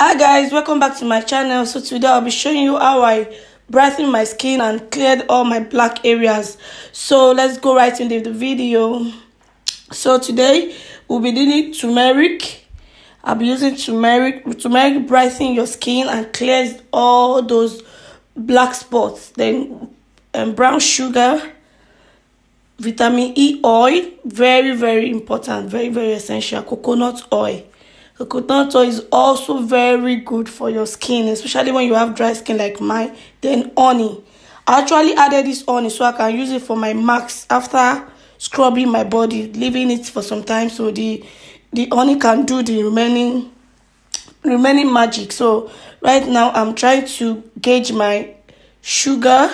hi guys welcome back to my channel so today i'll be showing you how i brightened my skin and cleared all my black areas so let's go right into the video so today we'll be doing turmeric i'll be using turmeric turmeric brightens your skin and clears all those black spots then um, brown sugar vitamin e oil very very important very very essential coconut oil coconut oil is also very good for your skin especially when you have dry skin like mine then honey i actually added this honey so i can use it for my marks after scrubbing my body leaving it for some time so the the honey can do the remaining remaining magic so right now i'm trying to gauge my sugar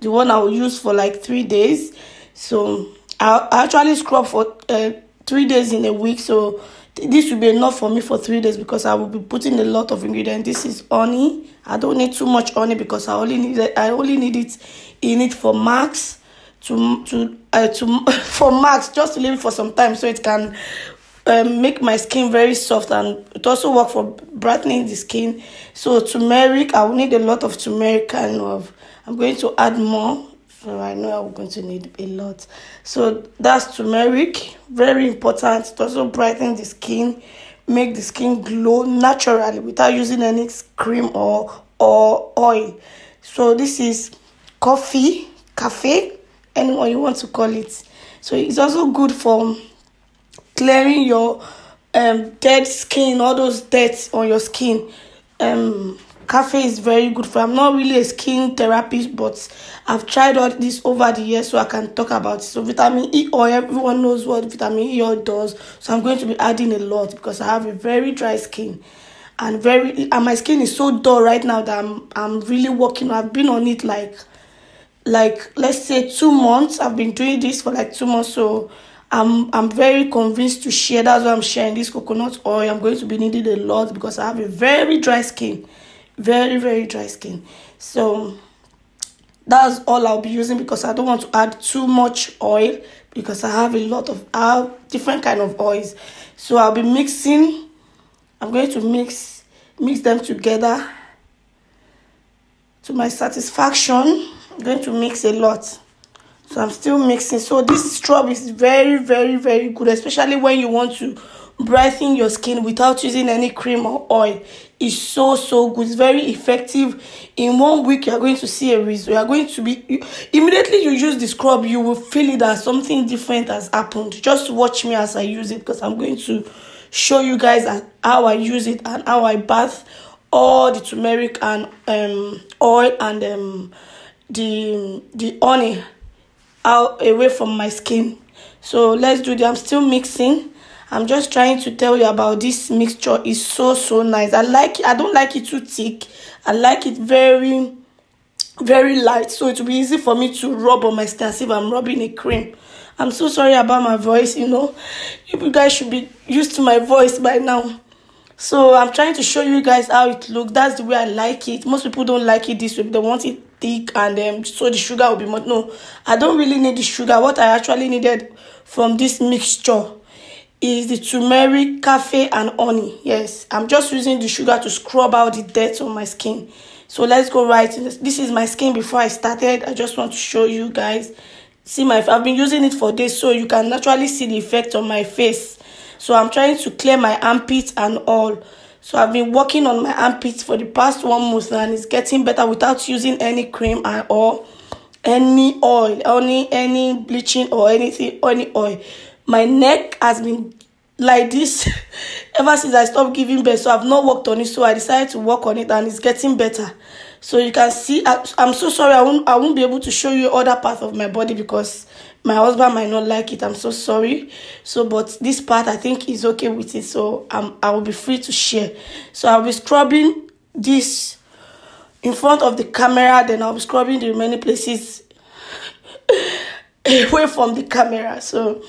the one i will use for like three days so i actually scrub for uh, three days in a week so this will be enough for me for three days because i will be putting a lot of ingredients this is honey i don't need too much honey because i only need it, i only need it in it for max to to uh, to for max just leave it for some time so it can um, make my skin very soft and it also work for brightening the skin so turmeric i will need a lot of turmeric kind of i'm going to add more So I know I'm going to need a lot. So that's turmeric, very important. It also brightens the skin, make the skin glow naturally without using any cream or or oil. So this is coffee, cafe, anyone you want to call it. So it's also good for clearing your um dead skin, all those deaths on your skin. Um cafe is very good for. I'm not really a skin therapist, but I've tried all this over the years, so I can talk about it. So vitamin E oil, everyone knows what vitamin E oil does. So I'm going to be adding a lot because I have a very dry skin, and very and my skin is so dull right now that I'm I'm really working. I've been on it like, like let's say two months. I've been doing this for like two months, so. I'm I'm very convinced to share. That's why I'm sharing this coconut oil. I'm going to be needing a lot because I have a very dry skin very very dry skin so that's all i'll be using because i don't want to add too much oil because i have a lot of uh, different kind of oils so i'll be mixing i'm going to mix mix them together to my satisfaction i'm going to mix a lot so i'm still mixing so this scrub is very very very good especially when you want to brighten your skin without using any cream or oil is so so good it's very effective in one week you are going to see a result you are going to be you, immediately you use the scrub you will feel it as something different has happened just watch me as i use it because i'm going to show you guys how i use it and how i bath all the turmeric and um oil and um the the honey out away from my skin so let's do that i'm still mixing I'm just trying to tell you about this mixture. It's so, so nice. I like it. I don't like it too thick. I like it very, very light. So it will be easy for me to rub on my skin as if I'm rubbing a cream. I'm so sorry about my voice, you know. You guys should be used to my voice by now. So I'm trying to show you guys how it looks. That's the way I like it. Most people don't like it this way. They want it thick and um, so the sugar will be more. No, I don't really need the sugar. What I actually needed from this mixture is the turmeric, cafe, and honey. Yes, I'm just using the sugar to scrub out the dirt on my skin. So let's go right. This is my skin before I started. I just want to show you guys. See my, I've been using it for days, so you can naturally see the effect on my face. So I'm trying to clear my armpits and all. So I've been working on my armpits for the past one month and it's getting better without using any cream at all, any oil, only any bleaching or anything, any oil my neck has been like this ever since i stopped giving birth so i've not worked on it so i decided to work on it and it's getting better so you can see I, i'm so sorry i won't i won't be able to show you other parts of my body because my husband might not like it i'm so sorry so but this part i think is okay with it so i'm i will be free to share so i'll be scrubbing this in front of the camera then i'll be scrubbing the many places away from the camera so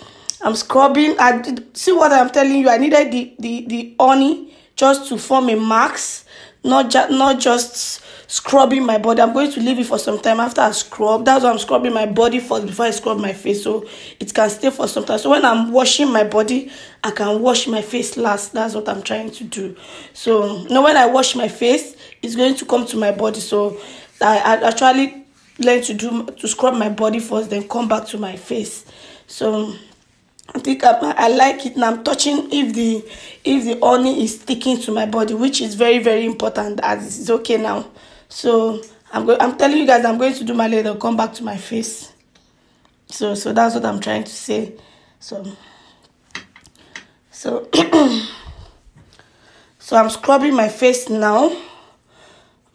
I'm scrubbing. I did, see what I'm telling you. I needed the the the honey just to form a max, not just not just scrubbing my body. I'm going to leave it for some time after I scrub. That's why I'm scrubbing my body first before I scrub my face, so it can stay for some time. So when I'm washing my body, I can wash my face last. That's what I'm trying to do. So now when I wash my face, it's going to come to my body. So I, I actually learn to do to scrub my body first, then come back to my face. So I think I, I like it and I'm touching if the if the honey is sticking to my body, which is very, very important as it's okay now. So I'm going I'm telling you guys I'm going to do my layer, come back to my face. So so that's what I'm trying to say. So so so I'm scrubbing my face now.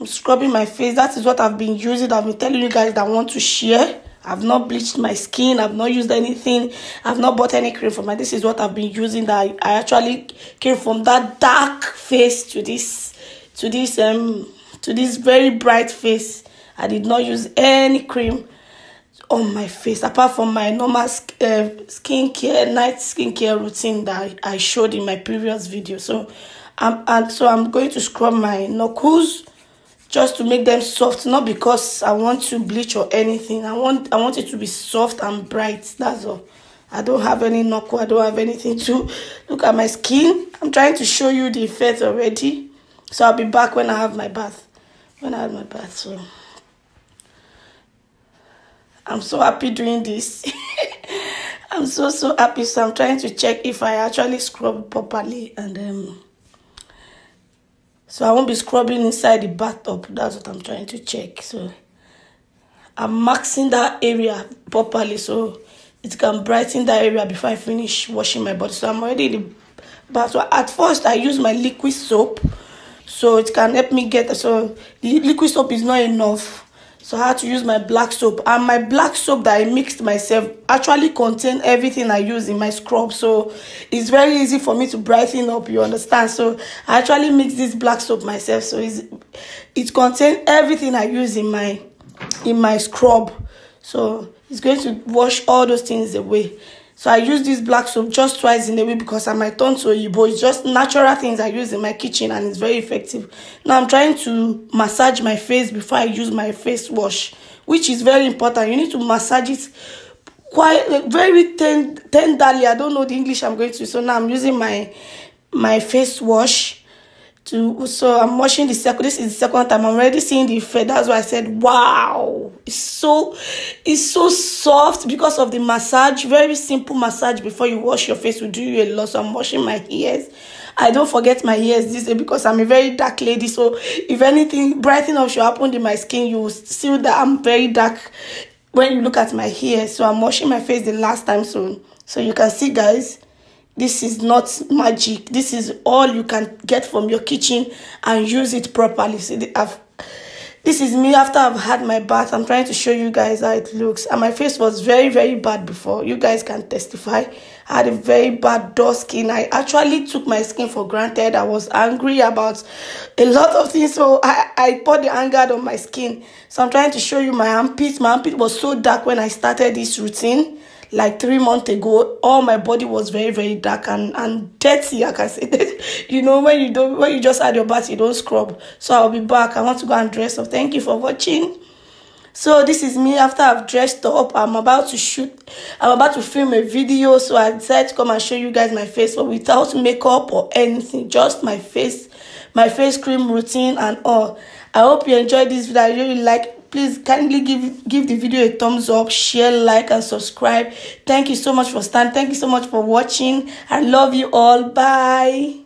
I'm scrubbing my face. That is what I've been using. I've been telling you guys that I want to share I've not bleached my skin. I've not used anything. I've not bought any cream for my. This is what I've been using. That I, actually came from that dark face to this, to this um, to this very bright face. I did not use any cream on my face apart from my normal sk- uh, skincare night skincare routine that I, I showed in my previous video. So, um, and so I'm going to scrub my knuckles just to make them soft not because i want to bleach or anything i want i want it to be soft and bright that's all i don't have any knuckle i don't have anything to look at my skin i'm trying to show you the effect already so i'll be back when i have my bath when i have my bath so i'm so happy doing this i'm so so happy so i'm trying to check if i actually scrub properly and um So I won't be scrubbing inside the bathtub. That's what I'm trying to check. So I'm maxing that area properly so it can brighten that area before I finish washing my body. So I'm already in the bathtub. At first, I use my liquid soap so it can help me get. So the liquid soap is not enough so i had to use my black soap and my black soap that i mixed myself actually contain everything i use in my scrub so it's very easy for me to brighten up you understand so i actually mix this black soap myself so it's, it contains everything i use in my in my scrub so it's going to wash all those things away So I use this black soap just twice in a week because I might turn to you, but It's just natural things I use in my kitchen and it's very effective. Now I'm trying to massage my face before I use my face wash, which is very important. You need to massage it quite like, very ten- tenderly. I don't know the English I'm going to, so now I'm using my my face wash to so I'm watching the second this is the second time I'm already seeing the effect that's why I said wow it's so it's so soft because of the massage very simple massage before you wash your face will do you a lot so I'm washing my ears I don't forget my ears this day because I'm a very dark lady so if anything brighten up should happen in my skin you will see that I'm very dark when you look at my hair so I'm washing my face the last time soon so you can see guys this is not magic this is all you can get from your kitchen and use it properly see i've this is me after i've had my bath i'm trying to show you guys how it looks and my face was very very bad before you guys can testify i had a very bad dull skin i actually took my skin for granted i was angry about a lot of things so i i poured the anger on my skin so i'm trying to show you my armpit my armpit was so dark when i started this routine like three months ago, all my body was very, very dark and, and dirty. Like I said, you know, when you don't when you just had your bath, you don't scrub. So I'll be back. I want to go and dress up. Thank you for watching. So this is me after I've dressed up. I'm about to shoot. I'm about to film a video. So I decided to come and show you guys my face, but without makeup or anything, just my face, my face cream routine and all i hope you enjoyed this video i really like please kindly give give the video a thumbs up share like and subscribe thank you so much for stand thank you so much for watching i love you all bye